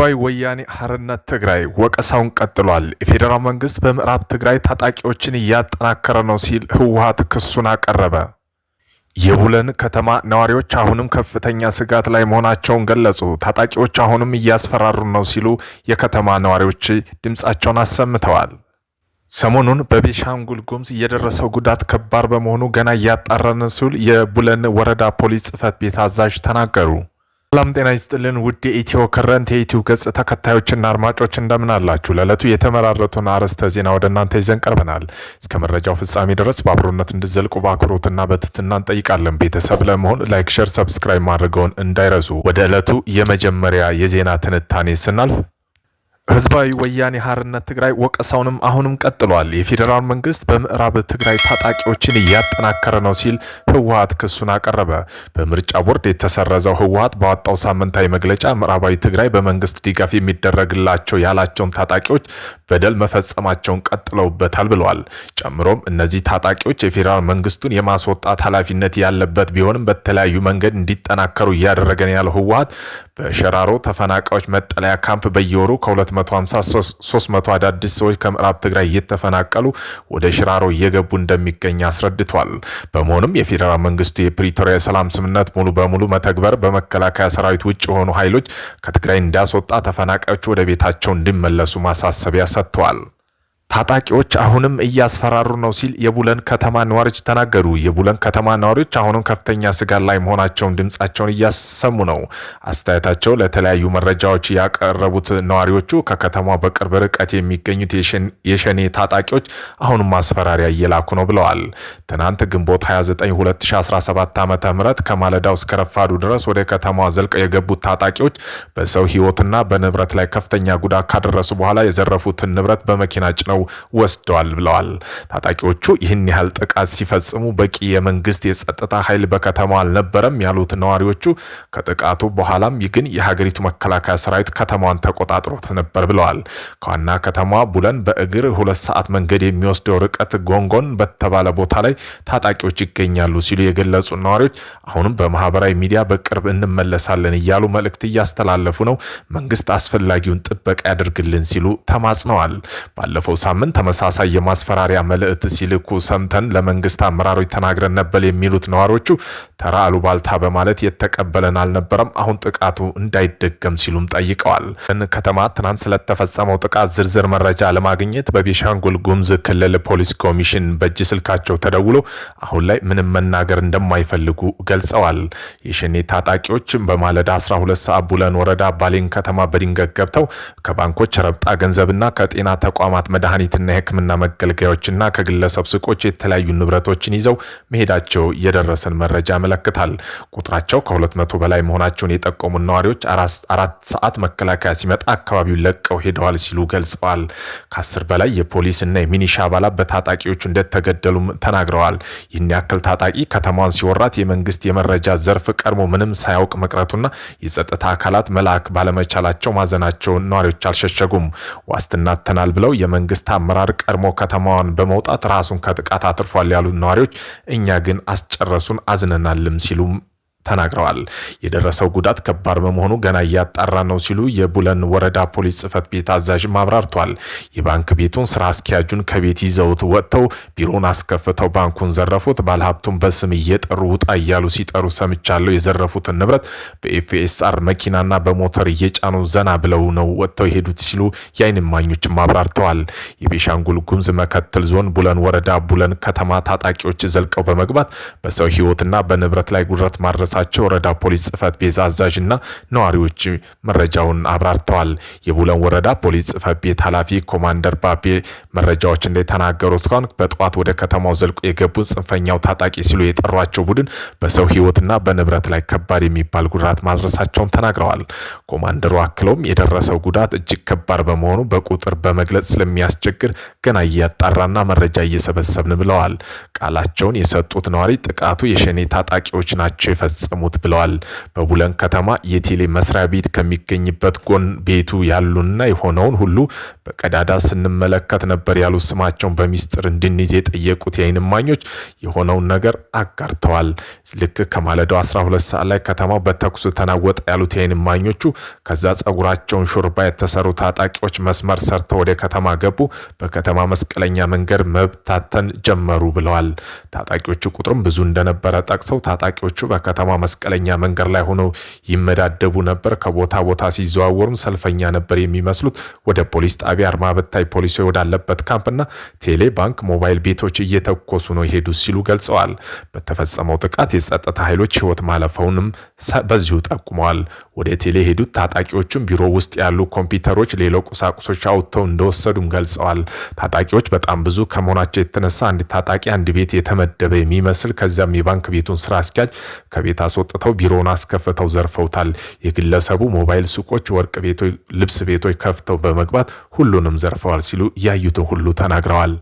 ህዝባዊ ወያኔ ሀርነት ትግራይ ወቀሳውን ቀጥሏል። የፌዴራል መንግስት በምዕራብ ትግራይ ታጣቂዎችን እያጠናከረ ነው ሲል ህወሀት ክሱን አቀረበ። የቡለን ከተማ ነዋሪዎች አሁንም ከፍተኛ ስጋት ላይ መሆናቸውን ገለጹ። ታጣቂዎች አሁንም እያስፈራሩ ነው ሲሉ የከተማ ነዋሪዎች ድምፃቸውን አሰምተዋል። ሰሞኑን በቤሻንጉል ጉምዝ የደረሰው ጉዳት ከባድ በመሆኑ ገና እያጣራን ሲል የቡለን ወረዳ ፖሊስ ጽህፈት ቤት አዛዥ ተናገሩ። ሰላም ጤና ይስጥልን ውድ የኢትዮ ከረንት የዩቲዩብ ገጽ ተከታዮችና አድማጮች እንደምን አላችሁ? ለዕለቱ የተመራረቱን አርዕስተ ዜና ወደ እናንተ ይዘን ቀርበናል። እስከ መረጃው ፍጻሜ ድረስ በአብሮነት እንድዘልቁ በአክብሮትና በትህትና እንጠይቃለን። ቤተሰብ ለመሆን ላይክ፣ ሸር፣ ሰብስክራይብ ማድረገውን እንዳይረሱ። ወደ ዕለቱ የመጀመሪያ የዜና ትንታኔ ስናልፍ ህዝባዊ ወያኔ ሀርነት ትግራይ ወቀሳውንም አሁንም ቀጥሏል። የፌዴራል መንግስት በምዕራብ ትግራይ ታጣቂዎችን እያጠናከረ ነው ሲል ህወሀት ክሱን አቀረበ። በምርጫ ቦርድ የተሰረዘው ህወሀት ባወጣው ሳምንታዊ መግለጫ ምዕራባዊ ትግራይ በመንግስት ድጋፍ የሚደረግላቸው ያላቸውን ታጣቂዎች በደል መፈጸማቸውን ቀጥለውበታል ብለዋል። ጨምሮም እነዚህ ታጣቂዎች የፌዴራል መንግስቱን የማስወጣት ኃላፊነት ያለበት ቢሆንም በተለያዩ መንገድ እንዲጠናከሩ እያደረገን ያለው ህወሀት በሸራሮ ተፈናቃዮች መጠለያ ካምፕ በየወሩ ከሁለት 153 አዳዲስ ሰዎች ከምዕራብ ትግራይ እየተፈናቀሉ ወደ ሽራሮ እየገቡ እንደሚገኝ አስረድቷል። በመሆኑም የፌዴራል መንግስቱ የፕሪቶሪያ የሰላም ስምምነት ሙሉ በሙሉ መተግበር በመከላከያ ሰራዊት ውጭ የሆኑ ኃይሎች ከትግራይ እንዳስወጣ ተፈናቃዮቹ ወደ ቤታቸው እንዲመለሱ ማሳሰቢያ ሰጥተዋል። ታጣቂዎች አሁንም እያስፈራሩ ነው ሲል የቡለን ከተማ ነዋሪዎች ተናገሩ። የቡለን ከተማ ነዋሪዎች አሁንም ከፍተኛ ስጋት ላይ መሆናቸውን ድምጻቸውን እያሰሙ ነው። አስተያየታቸው ለተለያዩ መረጃዎች ያቀረቡት ነዋሪዎቹ ከከተማ በቅርብ ርቀት የሚገኙት የሸኔ ታጣቂዎች አሁንም ማስፈራሪያ እየላኩ ነው ብለዋል። ትናንት ግንቦት 29 2017 ዓ ም ከማለዳው እስከ ረፋዱ ድረስ ወደ ከተማዋ ዘልቀው የገቡት ታጣቂዎች በሰው ህይወትና በንብረት ላይ ከፍተኛ ጉዳት ካደረሱ በኋላ የዘረፉትን ንብረት በመኪና ጭነው አስረው ወስደዋል ብለዋል። ታጣቂዎቹ ይህን ያህል ጥቃት ሲፈጽሙ በቂ የመንግስት የጸጥታ ኃይል በከተማው አልነበረም ያሉት ነዋሪዎቹ ከጥቃቱ በኋላም ግን የሀገሪቱ መከላከያ ሰራዊት ከተማዋን ተቆጣጥሮት ነበር ብለዋል። ከዋና ከተማዋ ቡለን በእግር ሁለት ሰዓት መንገድ የሚወስደው ርቀት ጎንጎን በተባለ ቦታ ላይ ታጣቂዎች ይገኛሉ ሲሉ የገለጹ ነዋሪዎች አሁንም በማህበራዊ ሚዲያ በቅርብ እንመለሳለን እያሉ መልእክት እያስተላለፉ ነው። መንግስት አስፈላጊውን ጥበቃ ያደርግልን ሲሉ ተማጽነዋል። ባለፈው ሳምንት ተመሳሳይ የማስፈራሪያ መልእክት ሲልኩ ሰምተን ለመንግስት አመራሮች ተናግረን ነበር የሚሉት ነዋሪዎቹ ተራ አሉባልታ በማለት የተቀበለን አልነበረም። አሁን ጥቃቱ እንዳይደገም ሲሉም ጠይቀዋል። ከተማ ትናንት ስለተፈጸመው ጥቃት ዝርዝር መረጃ ለማግኘት በቤሻንጉል ጉምዝ ክልል ፖሊስ ኮሚሽን በእጅ ስልካቸው ተደውሎ አሁን ላይ ምንም መናገር እንደማይፈልጉ ገልጸዋል። የሸኔ ታጣቂዎች በማለዳ 12 ሰዓት ቡለን ወረዳ ባሌን ከተማ በድንገት ገብተው ከባንኮች ረብጣ ገንዘብና ከጤና ተቋማት መድ መድኃኒትና የሕክምና መገልገያዎችና ከግለሰብ ሱቆች የተለያዩ ንብረቶችን ይዘው መሄዳቸው የደረሰን መረጃ ያመለክታል። ቁጥራቸው ከሁለት መቶ በላይ መሆናቸውን የጠቆሙ ነዋሪዎች አራት ሰዓት መከላከያ ሲመጣ አካባቢውን ለቀው ሄደዋል ሲሉ ገልጸዋል። ከአስር በላይ የፖሊስ እና የሚኒሻ አባላት በታጣቂዎቹ እንደተገደሉም ተናግረዋል። ይህን ያክል ታጣቂ ከተማዋን ሲወራት የመንግስት የመረጃ ዘርፍ ቀድሞ ምንም ሳያውቅ መቅረቱና የጸጥታ አካላት መልአክ ባለመቻላቸው ማዘናቸውን ነዋሪዎች አልሸሸጉም። ዋስትና ተናል ብለው የመንግስት የመንግስት አመራር ቀድሞ ከተማዋን በመውጣት ራሱን ከጥቃት አትርፏል ያሉት ነዋሪዎች እኛ ግን አስጨረሱን አዝነናልም ሲሉም ተናግረዋል። የደረሰው ጉዳት ከባድ በመሆኑ ገና እያጣራ ነው ሲሉ የቡለን ወረዳ ፖሊስ ጽህፈት ቤት አዛዥ አብራርቷል። የባንክ ቤቱን ስራ አስኪያጁን ከቤት ይዘውት ወጥተው ቢሮውን አስከፍተው ባንኩን ዘረፉት። ባለሀብቱን በስም እየጠሩ ውጣ እያሉ ሲጠሩ ሰምቻለሁ። የዘረፉትን ንብረት በኤፍኤስአር መኪናና በሞተር እየጫኑ ዘና ብለው ነው ወጥተው የሄዱት ሲሉ የአይን እማኞችም አብራርተዋል። የቤሻንጉል ጉምዝ መከተል ዞን ቡለን ወረዳ ቡለን ከተማ ታጣቂዎች ዘልቀው በመግባት በሰው ህይወትና በንብረት ላይ ጉድረት ማድረስ እንደደረሳቸው ወረዳ ፖሊስ ጽፈት ቤት አዛዥና ነዋሪዎች መረጃውን አብራርተዋል። የቡለን ወረዳ ፖሊስ ጽህፈት ቤት ኃላፊ ኮማንደር ባቤ መረጃዎች እንደተናገሩት ከሆነ በጠዋት ወደ ከተማው ዘልቆ የገቡት ጽንፈኛው ታጣቂ ሲሉ የጠሯቸው ቡድን በሰው ህይወትና በንብረት ላይ ከባድ የሚባል ጉዳት ማድረሳቸውን ተናግረዋል። ኮማንደሩ አክለውም የደረሰው ጉዳት እጅግ ከባድ በመሆኑ በቁጥር በመግለጽ ስለሚያስቸግር ገና እያጣራና መረጃ እየሰበሰብን ብለዋል። ቃላቸውን የሰጡት ነዋሪ ጥቃቱ የሸኔ ታጣቂዎች ናቸው የፈጸ የፈጸሙት ብለዋል። በቡለን ከተማ የቴሌ መስሪያ ቤት ከሚገኝበት ጎን ቤቱ ያሉና የሆነውን ሁሉ በቀዳዳ ስንመለከት ነበር ያሉት ስማቸውን በሚስጥር እንድንይዝ የጠየቁት የዓይን እማኞች የሆነውን ነገር አጋርተዋል። ልክ ከማለዳው 12 ሰዓት ላይ ከተማው በተኩስ ተናወጠ ያሉት የዓይን እማኞቹ ከዛ ጸጉራቸውን ሹርባ የተሰሩ ታጣቂዎች መስመር ሰርተው ወደ ከተማ ገቡ። በከተማ መስቀለኛ መንገድ መብታተን ጀመሩ ብለዋል። ታጣቂዎቹ ቁጥርም ብዙ እንደነበረ ጠቅሰው ታጣቂዎቹ በከተማ ከተማ መስቀለኛ መንገድ ላይ ሆነው ይመዳደቡ ነበር። ከቦታ ቦታ ሲዘዋወሩም ሰልፈኛ ነበር የሚመስሉት። ወደ ፖሊስ ጣቢያ፣ አርማ በታይ ፖሊሶች ወዳለበት ካምፕና ቴሌ፣ ባንክ፣ ሞባይል ቤቶች እየተኮሱ ነው ይሄዱ ሲሉ ገልጸዋል። በተፈጸመው ጥቃት የጸጥታ ኃይሎች ህይወት ማለፈውንም በዚሁ ጠቁመዋል። ወደ ቴሌ ሄዱት። ታጣቂዎቹም ቢሮ ውስጥ ያሉ ኮምፒውተሮች፣ ሌላ ቁሳቁሶች አውጥተው እንደወሰዱም ገልጸዋል። ታጣቂዎች በጣም ብዙ ከመሆናቸው የተነሳ አንድ ታጣቂ አንድ ቤት የተመደበ የሚመስል ከዚያም የባንክ ቤቱን ስራ አስኪያጅ ከቤት አስወጥተው ቢሮውን አስከፍተው ዘርፈውታል። የግለሰቡ ሞባይል ሱቆች፣ ወርቅ ቤቶች፣ ልብስ ቤቶች ከፍተው በመግባት ሁሉንም ዘርፈዋል ሲሉ ያዩትን ሁሉ ተናግረዋል።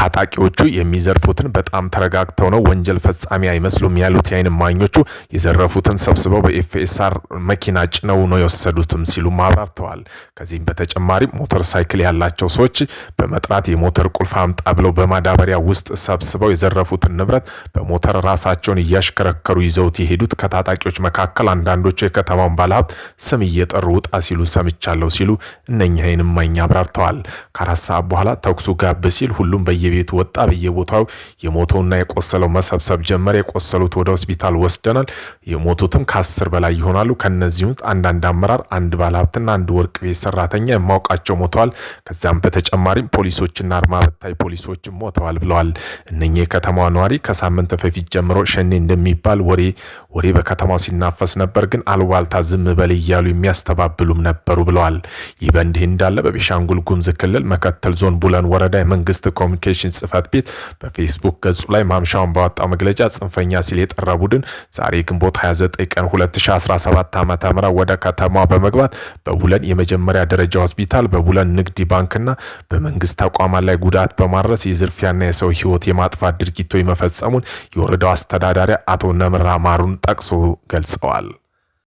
ታጣቂዎቹ የሚዘርፉትን በጣም ተረጋግተው ነው፣ ወንጀል ፈጻሚ አይመስሉም ያሉት የአይን እማኞቹ የዘረፉትን ሰብስበው በኤፍኤስአር መኪና ጭነው ነው የወሰዱትም ሲሉ አብራርተዋል። ከዚህም በተጨማሪ ሞተር ሳይክል ያላቸው ሰዎች በመጥራት የሞተር ቁልፍ አምጣ ብለው በማዳበሪያ ውስጥ ሰብስበው የዘረፉትን ንብረት በሞተር ራሳቸውን እያሽከረከሩ ይዘውት የሄዱት ከታጣቂዎች መካከል አንዳንዶቹ የከተማውን ባለሀብት ስም እየጠሩ ውጣ ሲሉ ሰምቻለሁ ሲሉ እነኛ አይንማኝ እማኝ አብራርተዋል። ከአራት ሰዓት በኋላ ተኩሱ ጋብ ሲል ሁሉም በየ ከየቤቱ ወጣ። በየቦታው የሞተውና የቆሰለው መሰብሰብ ጀመረ። የቆሰሉት ወደ ሆስፒታል ወስደናል። የሞቱትም ከአስር በላይ ይሆናሉ። ከነዚህ ውስጥ አንዳንድ አመራር፣ አንድ ባለሀብትና አንድ ወርቅ ቤት ሰራተኛ የማውቃቸው ሞተዋል። ከዚያም በተጨማሪም ፖሊሶችና አርማ በታይ ፖሊሶችም ሞተዋል ብለዋል። እነኚህ የከተማዋ ነዋሪ ከሳምንት በፊት ጀምሮ ሸኔ እንደሚባል ወሬ ወሬ በከተማው ሲናፈስ ነበር፣ ግን አልዋልታ ዝም በል እያሉ የሚያስተባብሉም ነበሩ ብለዋል። ይህ በእንዲህ እንዳለ በቤሻንጉል ጉምዝ ክልል መከተል ዞን ቡለን ወረዳ የመንግስት ኮሚኒኬ ኮሚኒኬሽን ጽህፈት ቤት በፌስቡክ ገጹ ላይ ማምሻውን ባወጣው መግለጫ ጽንፈኛ ሲል የጠራ ቡድን ዛሬ ግንቦት 29 ቀን 2017 ዓ ም ወደ ከተማ በመግባት በቡለን የመጀመሪያ ደረጃ ሆስፒታል፣ በቡለን ንግድ ባንክና በመንግስት ተቋማት ላይ ጉዳት በማድረስ የዝርፊያና የሰው ህይወት የማጥፋት ድርጊቶ መፈጸሙን የወረዳው አስተዳዳሪ አቶ ነምራ ማሩን ጠቅሶ ገልጸዋል።